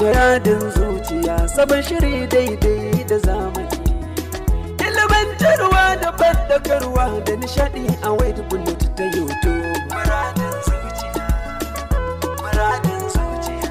Muradin zuciya sabon shiri daidai da zamani. Ilimantarwa da bandakarwa da nishadi a wade bullet ta YouTube. Muradin zuciya, muradin zuciya.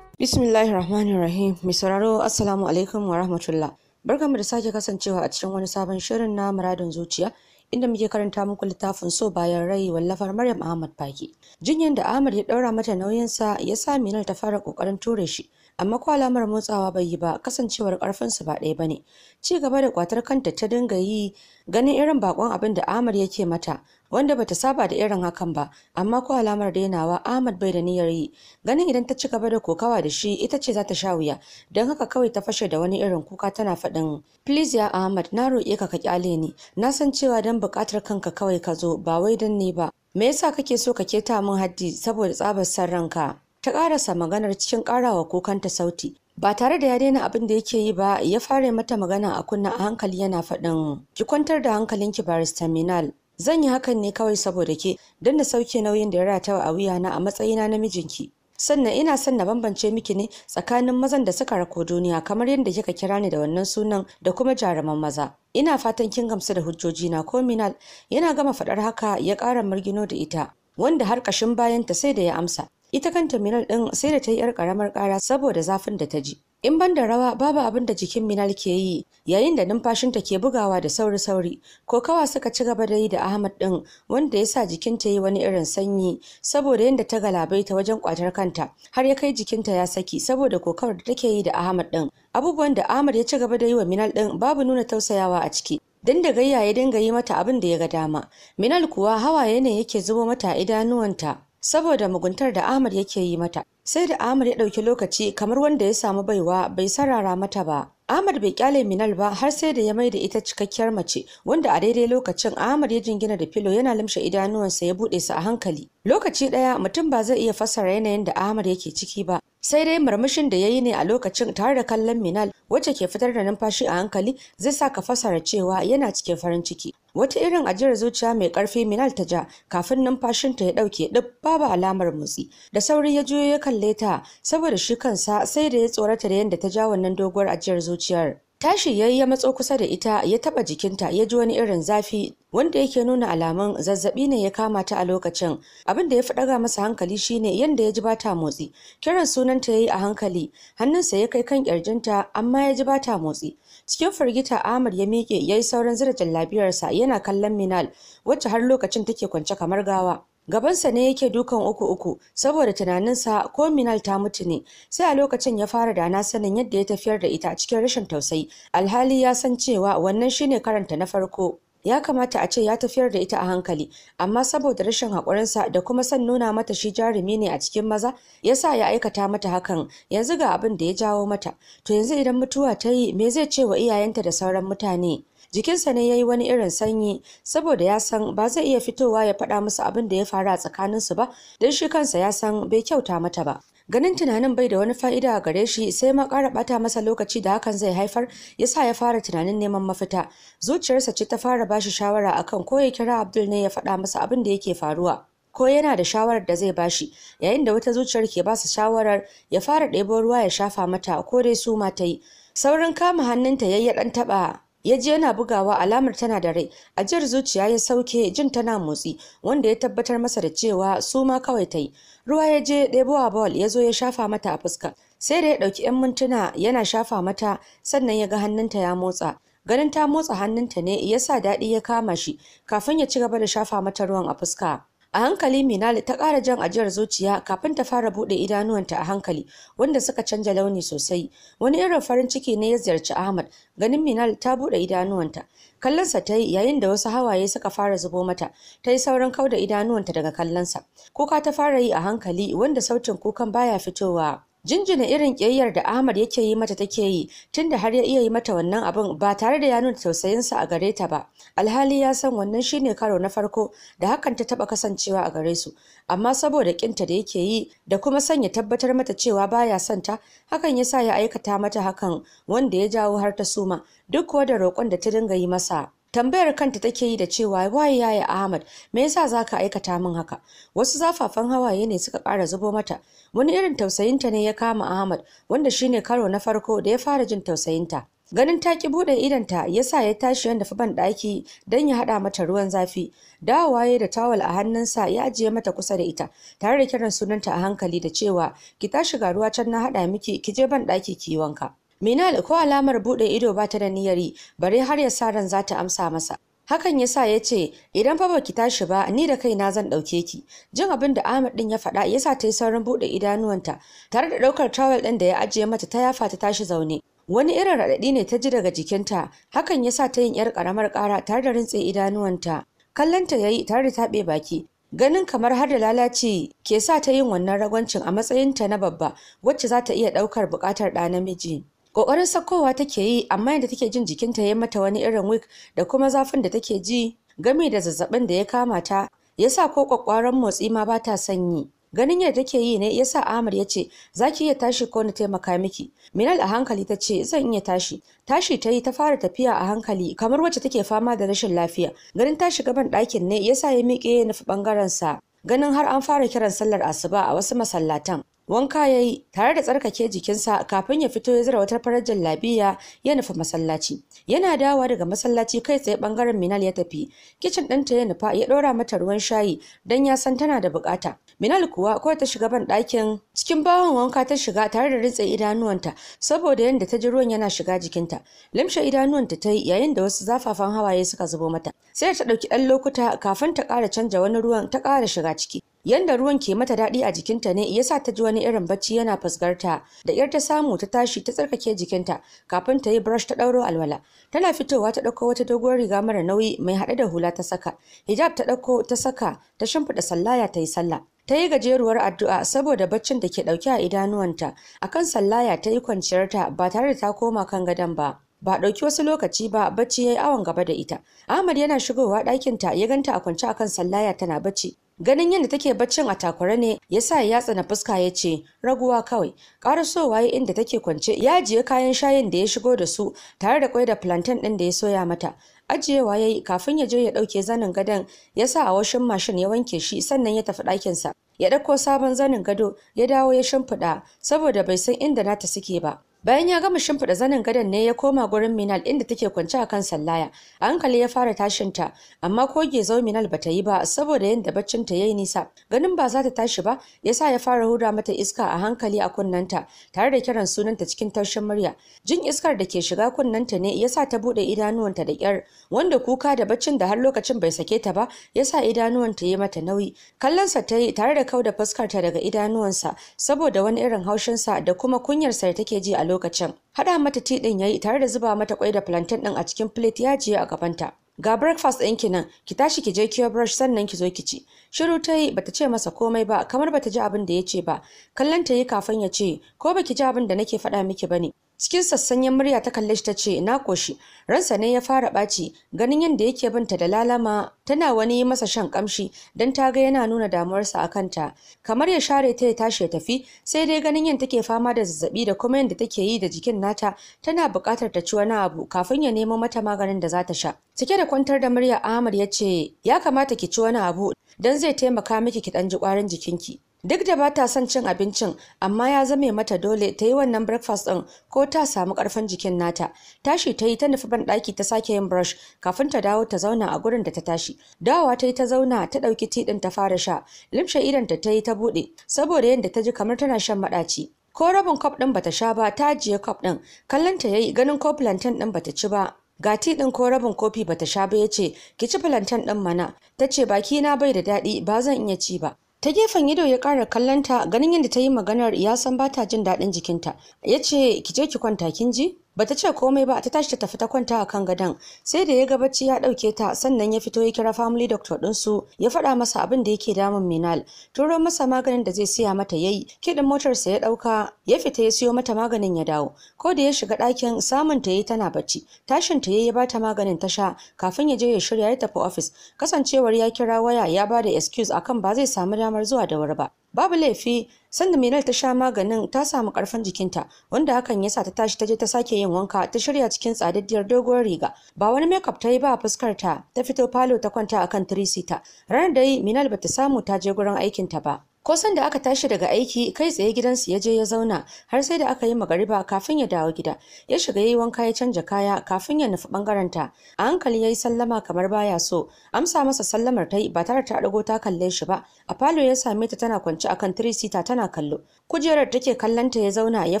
Bismillahirrahmanirrahim. Mai sauraro Assalamu alaikum wa rahmatullah. Barkanmu da sake kasancewa a cikin wani sabon shirin na muradin zuciya. inda muke karanta muku littafin so bayan rai wallafar Maryam Ahmad Faki. Jinyan da Ahmad ya daura mata nauyin sa ya sa Minal ta fara kokarin ture shi amma ko alamar motsawa bai yi ba kasancewar karfinsu ba ɗaya ba ne. ci gaba da kwatar kanta ta dinga yi ganin irin bakon abin da Ahmad yake mata wanda bata saba da irin hakan ba amma ko alamar dainawa Ahmad bai da niyyar yi ganin idan ta ci gaba da kokawa da shi ita ce za ta sha wuya don haka kawai ta fashe da wani irin kuka tana faɗin please ya Ahmad na roƙe ka ka kyale ni na san cewa don buƙatar kanka kawai ka zo ba wai don ni ba me yasa kake so ka keta min haddi saboda tsabar san ranka ta karasa maganar cikin karawa kukanta sauti ba tare da ya daina abin da yake yi ba ya fara mata magana a kunna a hankali yana faɗin ki kwantar da hankalinki barista minal zan yi hakan ne kawai saboda ke don da sauke nauyin da ya ratawa a wuyana a matsayina na mijinki sannan ina son na bambance miki ne tsakanin mazan da suka rako duniya kamar yadda kika kira ni da wannan sunan da kuma jaruman maza ina fatan kin gamsu da hujjoji na ko minal yana gama faɗar haka ya ƙara margino da ita wanda har ƙashin bayanta sai da ya amsa ita kanta Minal din sai da ta yi yar karamar kara saboda zafin da ta ji in ban da rawa babu abin da jikin Minal ke yi yayin da numfashinta ke bugawa da sauri-sauri Kokawa suka ci gaba da yi da Ahmad din wanda ya sa ta yi wani irin sanyi saboda yadda ta ta wajen kwatar kanta har ya kai jikinta ya saki saboda kokawar da take yi da Ahmad din abubuwan da Ahmad ya ci gaba da yi wa Minal din babu nuna tausayawa a ciki dan da gayya ya dinga yi mata abin da ya ga dama Minal kuwa hawaye ne yake zubo mata idanuwanta saboda muguntar da Ahmad yake yi mata. Sai da Ahmad ya ɗauki lokaci kamar wanda ya samu baiwa bai sarara mata ba. Ahmad bai kyale Minal ba har sai da ya mai da ita cikakkiyar mace wanda a daidai lokacin Ahmad ya jingina da filo yana limshe idanuwansa ya bude su a hankali. Lokaci ɗaya mutum ba zai iya fassara yanayin da Ahmad yake ciki ba. Sai dai murmushin da yayi ne a lokacin tare da kallon Minal wacce ke fitar da numfashi a hankali zai sa ka fassara cewa yana cikin farin ciki. wata irin ajiyar zuciya mai karfi minal ta ja kafin numfashinta ya dauke duk babu alamar motsi da sauri ya juyo ya kalle ta saboda shi kansa sai da ya tsorata da yadda ta ja wannan doguwar ajiyar zuciyar tashi ya yi ya matso kusa da ita ya taba jikinta ya ji wani irin zafi wanda yake nuna alamun zazzabi ne ya kama ta a lokacin abin da ya fi daga masa hankali shine yadda ya ji bata motsi kiran sunanta ya yi a hankali hannunsa ya kai kan kirjinta amma ya ji bata motsi cikin firgita Ahmad ya miƙe yayi sauran zira lafiyarsa yana kallon Minal wacce har lokacin take kwance kamar gawa gabansa ne yake dukan uku uku saboda tunaninsa ko minal ta mutu ne sai a lokacin ya fara dana sanin yadda ya tafiyar da ita cikin rashin tausayi alhali ya san cewa wannan shine karanta na farko ya kamata a ce ya tafiyar da ita a hankali amma saboda rashin haƙurinsa da kuma son nuna mata shi jarumi ne a cikin maza ya sa ya aikata mata hakan yanzu ga abin da ya jawo mata to yanzu idan mutuwa ta yi me zai ce wa iyayenta da sauran mutane jikinsa ne ya yi wani irin sanyi saboda ya san ba zai iya fitowa ya faɗa musu abin da ya faru a tsakaninsu ba don shi kansa ya san bai kyauta mata ba ganin tunanin bai da wani fa'ida a gare shi sai ma ƙara ɓata masa lokaci da hakan zai haifar ya sa ya fara tunanin neman mafita zuciyarsa ce ta fara bashi shawara akan ko ya kira abdul ne ya faɗa masa abin da yake faruwa ko yana da shawarar da zai bashi yayin da wata zuciyar ke basa shawarar ya fara ɗebo ruwa ya shafa mata ko dai su ma ta yi saurin kama hannunta yayya ɗan taɓa ya ji yana bugawa alamar tana da rai ajiyar zuciya ya sauke jin tana motsi wanda ya tabbatar masa da cewa su ma kawai ta yi ruwa ya je ɗebowa bawal ya zo ya shafa mata a fuska sai da ya ɗauki 'yan mintuna yana shafa mata sannan ya ga hannunta ya motsa ganin ta motsa hannunta ne ya sa daɗi ya kama shi kafin ya ci gaba da shafa mata ruwan a fuska A hankali Minali ta ƙara jan ajiyar zuciya kafin ta fara buɗe idanuwanta a hankali wanda suka canja launi sosai. Wani irin farin ciki ne ya ziyarci Ahmad ganin minal ta buɗe idanuwanta. Kallonsa ta yi yayin da wasu hawaye suka fara zubo mata ta yi saurin kauda idanuwanta daga kallonsa. Kuka ta fara yi a hankali wanda sautin kukan baya fitowa jinjina irin ƙiyayyar da Ahmad yake yi mata take yi tunda har ya iya yi mata wannan abin ba tare da ya nuna tausayinsa a gare ta ba alhali ya san wannan shine karo na farko da hakan ta taba kasancewa a gare su amma saboda kinta da yake yi da kuma ya tabbatar mata cewa baya son ta hakan ya sa ya aikata mata hakan wanda ya jawo har ta suma duk kuwa da roƙon da ta dinga yi masa tambayar kanta take yi da cewa waye yaya Ahmad me yasa zaka aikata min haka wasu zafafan hawaye ne suka ƙara zubo mata wani irin tausayinta ne ya kama Ahmad wanda shine karo na farko da ya fara jin tausayinta ganin ta ki bude idanta yasa ya tashi yanda fa ban daki dan ya hada mata ruwan zafi dawowa ya da tawul a hannunsa ya ajiye mata kusa da ita tare da kiran sunanta a hankali da cewa ki tashi ga ruwa can na hada miki ki je ban daki ki wanka Minal ko alamar buɗe ido ba ta da niyyar yi, bare har ya sa ran za ta amsa masa. Hakan yasa sa ya ce, Idan fa baki tashi ba, ni da kaina zan ɗauke ki. Jin abin da Ahmad ɗin ya faɗa yasa ta yi saurin buɗe idanuwanta, tare da ɗaukar tawul ɗin da ya ajiye mata ta yafa ta tashi zaune. Wani irin raɗaɗi ne ta ji daga jikinta, hakan yasa ta yin ‘yar karamar kara tare da rintse idanuwanta. Kallonta yayi tare da taɓe baki, ganin kamar har da lalaci ke sa ta yin wannan ragwancin a matsayinta na babba wacce za ta iya ɗaukar bukatar ɗa namiji. kokarin sakowa take yi amma yadda take jin jikinta ya mata wani irin wik da kuma zafin da take ji gami da zazzabin da ya kama ta Ya sa ko kwakwaran motsi ma ba ta sanyi ganin yadda take yi ne ya sa Ahmad ya ce za ki iya tashi ko na taimaka miki Minal a hankali ta ce zan iya tashi tashi ta yi ta fara tafiya a hankali kamar wacce take fama da rashin lafiya ganin ta gaban ɗakin ne ya sa ya miƙe ya nufi ɓangaren sa ganin har an fara kiran sallar asuba a wasu masallatan wanka ya yi tare da tsarkake jikinsa kafin ya fito ya zira wata farar jallabiya ya nufi masallaci yana dawowa daga masallaci kai tsaye bangaren minal ya tafi kicin ɗinta ya nufa ya ɗora mata ruwan shayi don ya san tana da bukata minal kuwa ko ta shiga ban ɗakin cikin bawon wanka ta shiga tare da rintse idanuwanta saboda yadda ta ji ruwan yana shiga jikinta limshe idanuwanta ta yi yayin da wasu zafafan hawaye suka zubo mata sai ta ɗauki ɗan lokuta kafin ta ƙara canja wani ruwan ta ƙara shiga ciki Yanda ruwan ke mata daɗi a jikinta ne ya sa ta ji wani irin bacci yana fasgarta Da ƴar ta samu ta tashi ta tsarkake jikinta kafin ta yi brush ta ɗauro alwala. Tana fitowa ta ɗauko wata doguwar riga mara nauyi mai haɗe da hula ta saka. Hijab ta ɗauko ta saka ta shimfiɗa sallaya ta yi sallah. ta yi gajeruwar addu'a saboda baccin da ke ɗauke a idanuwanta akan sallaya ta yi kwanciyarta ba tare da ta koma kan gadon ba ba ɗauki wasu lokaci ba bacci ya yi awon gaba da ita ahmad yana shigowa ɗakinta ya ganta a kwance akan sallaya tana bacci ganin yadda take baccin a takware ne ya sa ya tsana fuska ya ce raguwa kawai karasowa yi inda take kwance ya ajiye kayan shayin da ya shigo da su tare da kwai da plantain ɗin da ya soya mata ajiyewa ya yi kafin ya je ya ɗauke zanin gadon ya sa a washin mashin ya wanke shi sannan ya tafi ɗakinsa ya ɗauko sabon zanin gado ya dawo ya shimfiɗa saboda bai san inda nata suke ba Bayan ya gama shimfiɗa zanin gadon ne ya koma gurin Minal inda take kwance a kan sallaya. A hankali ya fara tashin ta, amma ko gezo Minal bata yi ba saboda yadda baccin ta yayi nisa. Ganin ba za ta tashi ba, ya sa ya fara huda mata iska a hankali a kunnanta, tare da kiran sunanta cikin taushin murya. Jin iskar da ke shiga kunnanta ne ya sa ta buɗe idanuwanta da kyar, wanda kuka da baccin da har lokacin bai sake ta ba, ya yasa idanuwanta yi mata nauyi. Kallonsa ta yi tare da kauda fuskarta daga idanuwansa saboda wani irin haushinsa da kuma kunyarsa da take ji a lokacin. lokacin haɗa mata ti ɗin yayi tare da zuba mata kwai da plantain ɗin a cikin plate ya jiya a gabanta ga breakfast ɗinki nan ki tashi ki je kiyo brush sannan ki zo ki ci shiru ta yi bata ce masa komai ba kamar bata ji abin da ya ce ba kallon ta yi kafin ya ce ko baki ji abin da nake faɗa miki bane cikin sassanyen murya ta kalle shi ta ce na koshi ransa ne ya fara ɓaci ganin yadda yake binta da lalama tana wani masa shan kamshi don ta ga yana nuna damuwarsa a kanta kamar ya share ta ya tashi ya tafi sai dai ganin yadda take fama da zazzabi da kuma yadda take yi da jikin nata tana bukatar ta ci wani abu kafin ya nemo mata maganin da za ta sha cike da kwantar da murya Ahmad ya ce ya kamata ki ci wani abu don zai taimaka miki ki ɗan ji ƙwarin jikinki duk da ba ta son cin abincin amma ya zame mata dole ta yi wannan breakfast ɗin ko ta samu ƙarfin jikin nata tashi ta yi ta nufi ban ɗaki ta sake yin brush kafin ta dawo ta zauna a gurin da ta tashi dawowa ta yi ta zauna ta ɗauki ti ɗin ta fara sha limshe idan ta yi ta buɗe saboda yadda ta ji kamar tana shan maɗaci ko rabin kwaf ɗin bata sha ba ta ajiye kwaf ɗin kallon ta yayi ganin ko plantain ɗin bata ci ba ga ti ɗin ko rabin kofi bata sha ba ya ce ki ci plantain ɗin mana ta ce baki na bai da daɗi ba zan iya ci ba ta gefen ido ya ƙara kallonta ganin yadda ta yi maganar ya san ba ta jin daɗin jikinta ya ce ki je ki kwanta kin ji bata ce komai ba ta tashi ta tafi ta kwanta a kan gadon sai da ya ga bacci ya dauke ta sannan ya fito ya kira family doctor din su ya faɗa masa abin da yake damun Minal turo masa maganin da zai siya mata yayi kidin motar sa ya ɗauka ya fita ya siyo mata maganin ya dawo ko da ya shiga ɗakin samun ta yayi tana bacci tashin ta yayi ya bata maganin ta sha kafin ya je ya shirya ya tafi office kasancewar ya kira waya ya bada excuse akan ba zai samu damar zuwa da wuri ba babu laifi sanda minal ta sha maganin ta samu karfin jikinta wanda hakan yasa ta tashi ta je ta sake yin wanka ta shirya cikin tsadaddiyar doguwar riga ba wani makeup ta yi ba fuskar ta ta fito falo ta kwanta akan tirisita ranar da yi minal bata samu ta je gurin aikinta ba ko san da aka tashi daga aiki kai tsaye gidansu ya je ya zauna har sai da aka yi magariba kafin ya dawo gida ya shiga yayi wanka ya canja kaya kafin ya nufi bangaren ta a hankali yayi sallama kamar baya so amsa masa sallamar tai ba tare ta dago ta kalle shi ba a falo ya same ta tana kwance akan tirisita tana kallo kujerar take kallon ta ya zauna ya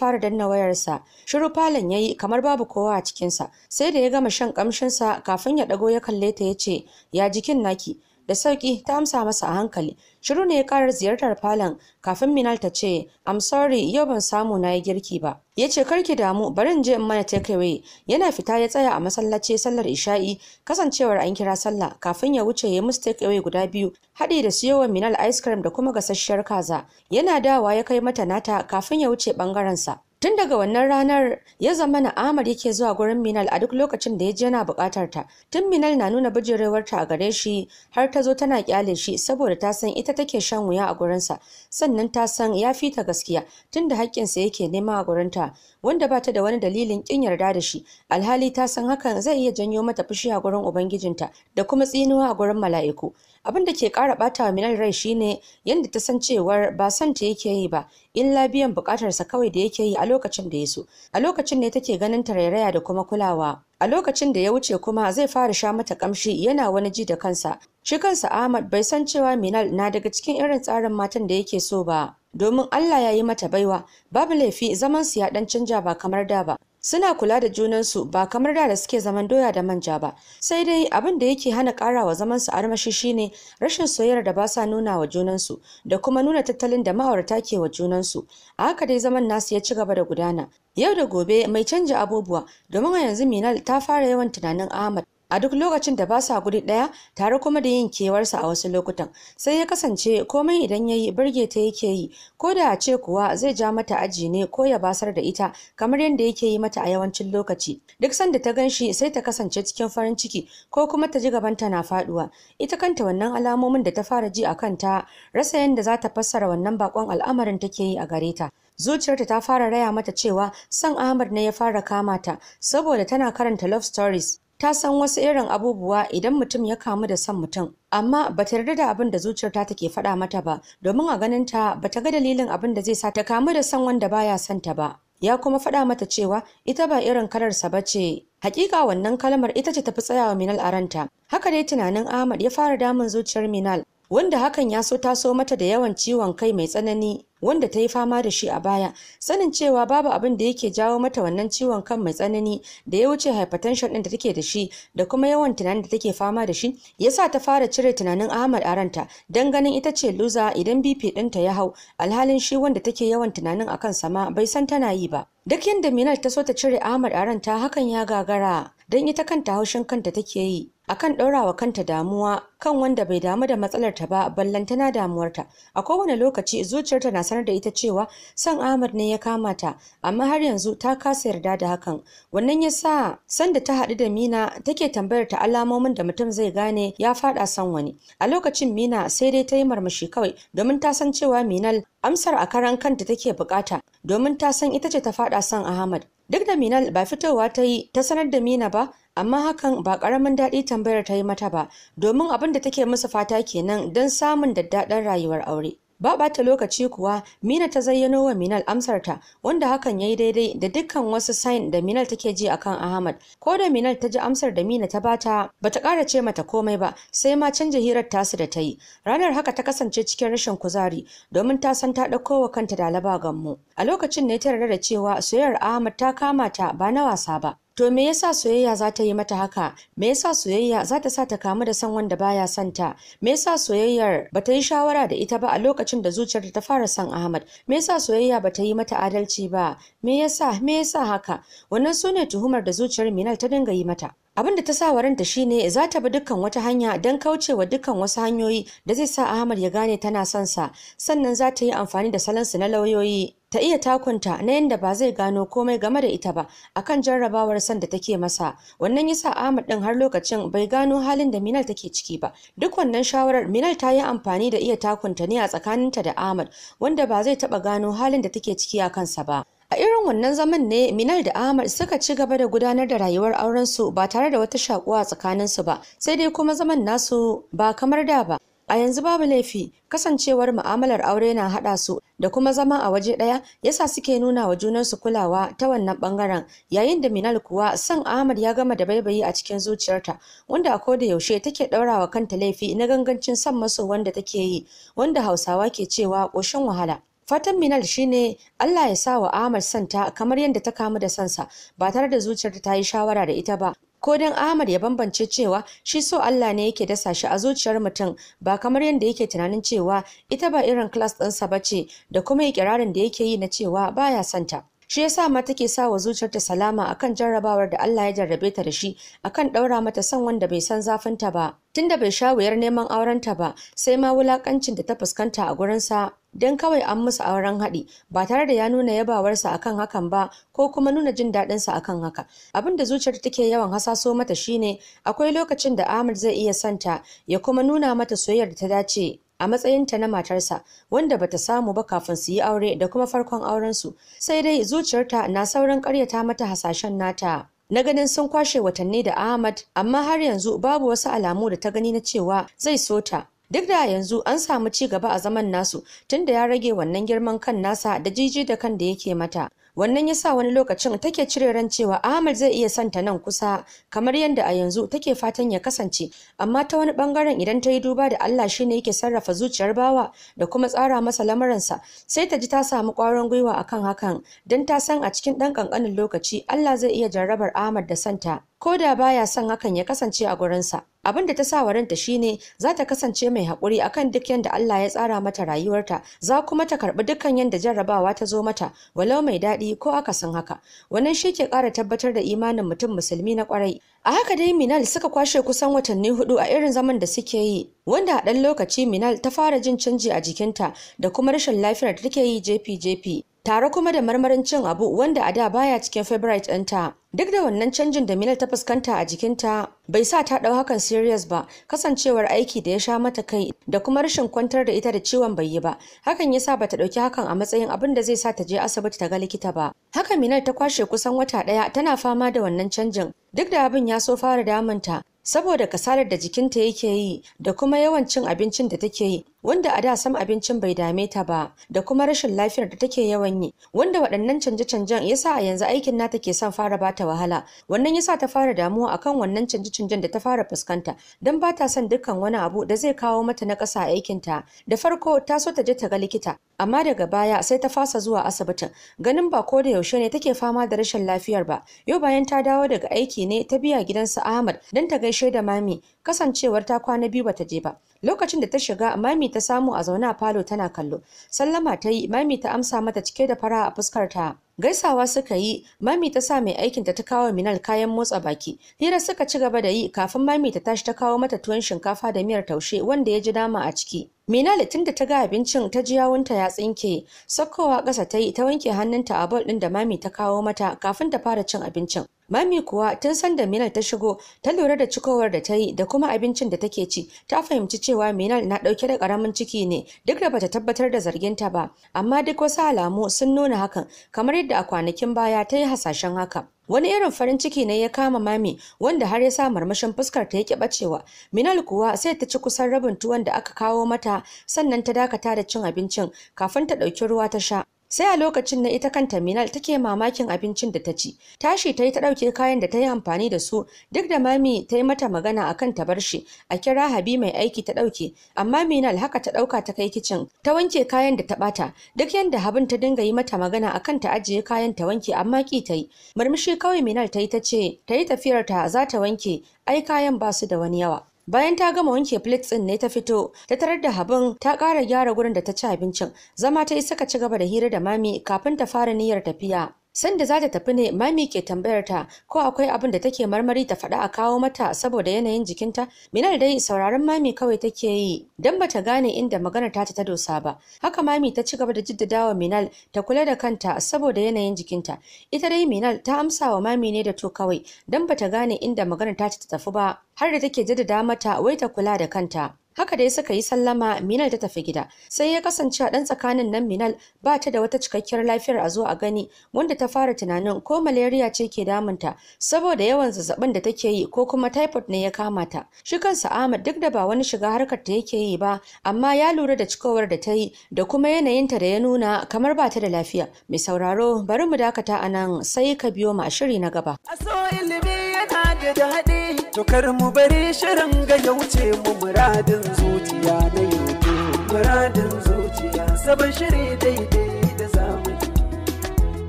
fara danna wayarsa shiru falon yayi kamar babu kowa a cikinsa sai da ya gama shan kamshin sa kafin ya dago ya kalle ta ya ce ya jikin naki da sauki ta amsa masa a hankali shiru ne ya karar ziyartar falon kafin minal ta ce i'm sorry yau ban samu na yi girki ba ya ce karki damu bari in je in mana takeaway yana fita ya tsaya a masallaci sallar isha'i kasancewar an kira sallah kafin ya wuce ya musu takeaway guda biyu haɗi da siyowa minal ice cream da kuma gasasshiyar kaza yana dawa ya kai mata nata kafin ya wuce bangaren sa Tun daga wannan ranar ya zama na Ahmad yake zuwa gurin Minal a duk lokacin da ya je yana buƙatar ta. Tun Minal na nuna bijirewarta a gare shi har ta zo tana kyale shi saboda ta san ita take shan wuya a gurinsa. Sannan ta san ya fi ta gaskiya da haƙƙinsa yake nema a gurinta. wanda ba ta da wani dalilin kin yarda da shi alhali ta san hakan zai iya janyo mata fushi a gurin ubangijinta da kuma tsinuwa a gurin mala'iku abin da ke kara bata wa Minal rai shine yadda ta san cewar ba san ta yake yi ba illa biyan sa kawai da yake yi a lokacin da ya so a lokacin ne take ganin ta tarairaya da kuma kulawa a lokacin da ya wuce kuma zai fara sha mata kamshi yana wani ji da kansa shi kansa Ahmad bai san cewa Minal na daga cikin irin tsarin matan da yake so ba domin Allah ya yi mata baiwa babu laifi zaman su ya dan canja ba kamar da ba suna kula da junansu ba kamar da da suke zaman doya da manja ba sai dai abin da yake hana karawa zaman su armashi shine rashin soyayyar da ba sa nuna wa junansu da kuma nuna tattalin da ma'aurata ke wa junansu a haka dai zaman nasu ya ci gaba da gudana yau da gobe mai canja abubuwa domin a yanzu Minal ta fara yawan tunanin Ahmad a duk lokacin da ba sa guri ɗaya tare kuma da yin kewarsa a wasu lokutan sai ya kasance komai idan ya yi birge ta yake yi ko da ce kuwa zai ja mata aji ne ko ya basar da ita kamar yadda yake yi mata a yawancin lokaci duk sanda ta gan shi sai ta kasance cikin farin ciki ko kuma ta ji gabanta na faduwa ita kanta wannan alamomin da ta fara ji a kanta rasa yadda za ta fassara wannan bakon al'amarin take yi a gare ta zuciyarta ta fara raya mata cewa son Ahmad ne ya fara kama ta saboda tana karanta love stories ta san wasu irin abubuwa idan mutum ya kamu da son mutum amma ba ta yarda da abin da zuciyarta take faɗa mata ba domin a ganin ta ba ta ga dalilin abin da zai sa ta kamu da son wanda baya son ta ba ya kuma faɗa mata cewa ita ba irin kalarsa ba ce hakika wannan kalmar ita ce tafi tsayawa minal a ranta haka dai tunanin ahmad ya fara damun zuciyar minal wanda hakan ya so ta so mata da yawan ciwon kai mai tsanani wanda ta yi fama da shi a baya sanin cewa babu abin da yake jawo mata wannan ciwon kan mai tsanani da ya wuce hypertension din da take da shi da kuma yawan tunanin da take fama da shi yasa ta fara cire tunanin Ahmad a ranta dan ganin ita ce loser idan BP ɗinta ya hau alhalin shi wanda take yawan tunanin akan sama bai san tana yi ba duk yadda Minal ta so ta cire Ahmad a ranta hakan ya gagara dan ita kanta haushin kanta take yi akan ɗaurawa kanta damuwa kan wanda bai damu da matsalar ta ba ballantana damuwarta a kowane lokaci zuciyarta na sanar da ita cewa san Ahmad ne ya kama ta amma har yanzu ta kasa yarda da hakan wannan yasa sa sanda ta haɗu da Mina take tambayar ta alamomin da mutum zai gane ya faɗa son wani a lokacin Mina sai dai ta yi marmashi kawai domin ta san cewa Minal amsar a karan kanta take bukata domin ta san ita ce ta faɗa san Ahmad duk da Minal ba fitowa ta yi ta sanar da Mina ba amma hakan ba ƙaramin daɗi tambayar ta yi mata ba domin abin da take musu fata kenan don samun daddaɗan rayuwar aure ba ɓata lokaci kuwa mina ta zayyano wa minal amsarta wanda hakan ya yi daidai da dukkan wasu sain da minal take ji akan ahmad ko da minal ta ji amsar da mina ta bata ta ƙara ce mata komai ba sai ma canja hirar ta su da ta yi ranar haka ta kasance cikin rashin kuzari domin ta san ta ɗauko wa kanta da ganmu mu a lokacin ne ta yarda da cewa soyayyar ahmad ta kama ta ba na wasa ba To me yasa soyayya za ta yi mata haka? Me yasa soyayya za ta sa ta kamu da san wanda baya son ta? Me yasa soyayyar ba ta yi shawara da ita ba a lokacin da zuciyar ta fara son Ahmad? Me yasa soyayya ba ta yi mata adalci ba? Me yasa? Me yasa haka? Wannan su ne tuhumar da zuciyar Minal ta dinga yi mata. abin da ta sa wa ranta shine za ta bi dukkan wata hanya don kauce wa dukkan wasu hanyoyi da zai sa Ahmad ya gane tana son sa sannan za ta yi amfani da salansu na lauyoyi ta iya takunta na yadda ba zai gano komai game da ita ba akan jarrabawar sanda da take masa wannan yasa Ahmad din har lokacin bai gano halin da Minal take ciki ba duk wannan shawarar Minal ta yi amfani da iya takunta ne a tsakaninta da Ahmad wanda ba zai taba gano halin da take ciki a kansa ba A irin wannan zaman ne Minal da Ahmad suka ci gaba da gudanar da rayuwar aurensu ba tare da wata shakuwa tsakaninsu ba, sai dai kuma zaman nasu ba kamar da ba. A yanzu babu laifi kasancewar mu'amalar aure na haɗa su da kuma zama a waje ɗaya yasa suke nuna wa junansu kulawa ta wannan ɓangaren yayin da Minal kuwa san Ahmad ya gama da baibayi a cikin zuciyarta wanda a koda yaushe take ɗaurawa kanta laifi na gangancin son maso wanda take yi wanda Hausawa ke cewa ƙoshin wahala. Fatan Minal shine Allah ya sa wa Ahmad santa kamar yadda ta kamu da sansa ba tare da zuciyarta ta yi shawara da ita ba ko dan Ahmad ya bambance cewa shi so Allah ne yake dasa shi a zuciyar mutum ba kamar yadda yake tunanin cewa ita ba irin class din ba ce da kuma ikirarin da yake yi na cewa baya santa. Shi yasa ma take sa wa zuciyarta salama akan jarrabawar da Allah ya jarrabe ta da shi akan ɗaura mata son wanda bai san zafin ta ba tunda bai sha wuyar neman auren ta ba sai ma wulakancin da ta fuskanta a gurin sa don kawai an musu auren haɗi ba tare da ya nuna yabawarsa akan hakan ba ko kuma nuna jin daɗinsa akan haka abin da zuciyar take yawan hasaso mata shine akwai lokacin da Ahmad zai iya santa ya kuma nuna mata soyayyar da ta dace a matsayinta na matarsa wanda bata samu ba kafin su yi aure da kuma farkon auren su sai dai zuciyarta na sauran karyata mata hasashen nata na ganin sun kwashe watanni da Ahmad amma har yanzu babu wasu alamu da ta gani na cewa zai so ta Duk da yanzu an samu ci gaba a zaman nasu tunda ya rage wannan girman kan nasa da jiji da kan da yake mata. Wannan ya sa wani lokacin take cire ran cewa Ahmad zai iya son nan kusa kamar yadda a yanzu take fatan ya kasance amma ta wani bangaren idan ta yi duba da Allah shi ne yake sarrafa zuciyar bawa da kuma tsara masa lamuransa sai ta ji ta samu ƙwarin gwiwa akan hakan don ta san a cikin ɗan ƙanƙanin lokaci Allah zai iya jarrabar Ahmad da santa. ko da baya son hakan ya kasance a gurinsa abin da ta sa wa ranta shine za ta kasance mai haƙuri akan duk yadda Allah ya tsara mata rayuwarta za kuma ta karɓi dukkan yadda jarrabawa ta zo mata walau mai daɗi ko akasin haka wannan shi ke ƙara tabbatar da imanin mutum musulmi na kwarai. a haka dai Minal suka kwashe kusan watanni hudu a irin zaman da suke yi wanda a ɗan lokaci Minal ta fara jin canji a jikinta da kuma rashin lafiyar da take yi jefi jefi tare kuma da marmarin cin abu wanda a da baya cikin favorite ɗinta duk da wannan canjin da Milal ta fuskanta a jikinta bai sa ta ɗau hakan serious ba kasancewar aiki da ya sha mata kai da kuma rashin kwantar da ita da ciwon bai yi ba hakan ya sa bata ɗauki hakan a matsayin abin da zai sa ta je asibiti ta ga likita ba haka Milal ta kwashe kusan wata ɗaya tana fama da wannan canjin duk da abin ya so fara damunta saboda kasalar da jikinta yake yi da kuma yawan cin abincin da take yi wanda a da sam abincin bai dame ta ba da kuma rashin lafiyar da take yawan yi wanda waɗannan canje-canjen yasa a yanzu aikin na take son fara bata wahala wannan yasa ta fara damuwa akan wannan canje-canjen da ta fara fuskanta don ba ta son dukkan wani abu da zai kawo mata na ƙasa aikin ta da farko ta so ta je ta ga likita amma daga baya sai ta fasa zuwa asibitin ganin ba ko da yaushe ne take fama da rashin lafiyar ba yau bayan ta dawo daga aiki ne ta biya gidansa Ahmad don ta gaishe da mami kasancewar ta kwana biyu bata je ba lokacin da ta shiga mami ta samu a zaune a falo tana kallo sallama ta yi mami ta amsa mata cike da fara a fuskar ta gaisawa suka yi mami ta sa mai aikin ta ta kawo minal kayan motsa baki hira suka ci gaba da yi kafin mami ta tashi ta kawo mata tuwon shinkafa da miyar taushe wanda ya ji nama a ciki minal tun da ta ga abincin ta ji yawunta ya tsinke, sakkowa ƙasa ta yi ta wanke hannunta a bol ɗin da mami ta kawo mata kafin ta fara cin abincin. Mami kuwa tun san da Minal ta shigo, ta lura da cikowar da ta yi da kuma abincin da take ci, ta fahimci cewa Minal na ɗauke da karamin ciki ne duk da bata tabbatar da zarginta ba, amma duk wasu alamu sun nuna hakan, kamar yadda yadda a kwanakin baya ta yi hasashen haka. Wani irin farin ciki ne ya kama mami wanda har ya sa marmashin fuskar ta yake bacewa. Minal kuwa sai ta ci kusan rabin tuwon da aka kawo mata sannan ta dakata da cin abincin kafin ta ɗauki ruwa ta sha. sai a lokacin na ita kanta minal take mamakin abincin da ta ci tashi ta yi ta ɗauke kayan da ta yi amfani da su duk da mami ta yi mata magana a kan ta bar shi a kira habi mai aiki ta ɗauke amma minal haka ta ɗauka ta kai kicin ta wanke kayan da ta bata duk yadda habin ta dinga yi mata magana a kan ta ajiye kayan ta wanke amma ki ta yi murmushi kawai minal ta yi ta ce ta yi tafiyar ta za ta wanke ai kayan ba su da wani yawa bayan ta gama wanke plates ɗin ne ta fito ta tarar da habun ta ƙara gyara gurin da ta ci abincin zama ta yi saka ci gaba da hira da mami kafin ta fara niyyar tafiya Sanda za ta tafi ne mami ke tambayar ta ko akwai abin da take marmari ta faɗa a kawo mata saboda yanayin jikinta. Minal dai sauraron mami kawai take yi don ba ta gane inda maganar ta ta dosa ba. Haka mami ta ci gaba da jaddadawa Minal ta kula da kanta saboda yanayin jikinta. Ita dai Minal ta amsa wa mami ne da to kawai don ba ta gane inda maganar ta ta tafi ba har da take jaddada mata wai ta kula da kanta. haka dai suka yi sallama minal ta tafi gida sai ya kasance a ɗan tsakanin nan minal ba ta da wata cikakkiyar lafiyar a zo a gani wanda ta fara tunanin ko malaria ce ke damunta saboda yawan zazzabin da take yi ko kuma typhoid ne ya kama ta shi kansa ahmad duk da ba wani shiga harkar ta yake yi ba amma ya lura da cikowar da ta yi da kuma yanayinta da ya nuna kamar ba ta da lafiya mai sauraro bari mu dakata anan sai ka biyo mu a shiri na gaba. A so ilimi yana da daɗi to mu bari shirin ga yauce mu muradin zuciya na yanzu muradin zuciya sabon shiri daidai da zamani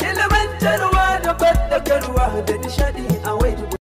ilimantarwa da fadakarwa da nishadi a wai